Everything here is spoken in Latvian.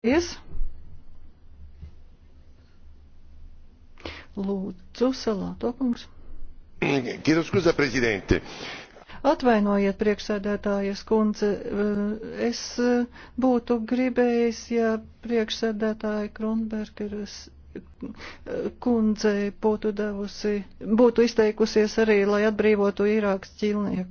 Paldies! Lūdzu, Salāto kungs. Chiedo scusa, prezidente. Atvainojiet, priekšsēdētājas kundze, eh, es eh, būtu gribējis, ja priekšsēdētāja Kronbergeras eh, kundzei būtu devusi, būtu izteikusies arī, lai atbrīvotu Irākas ķilnieku.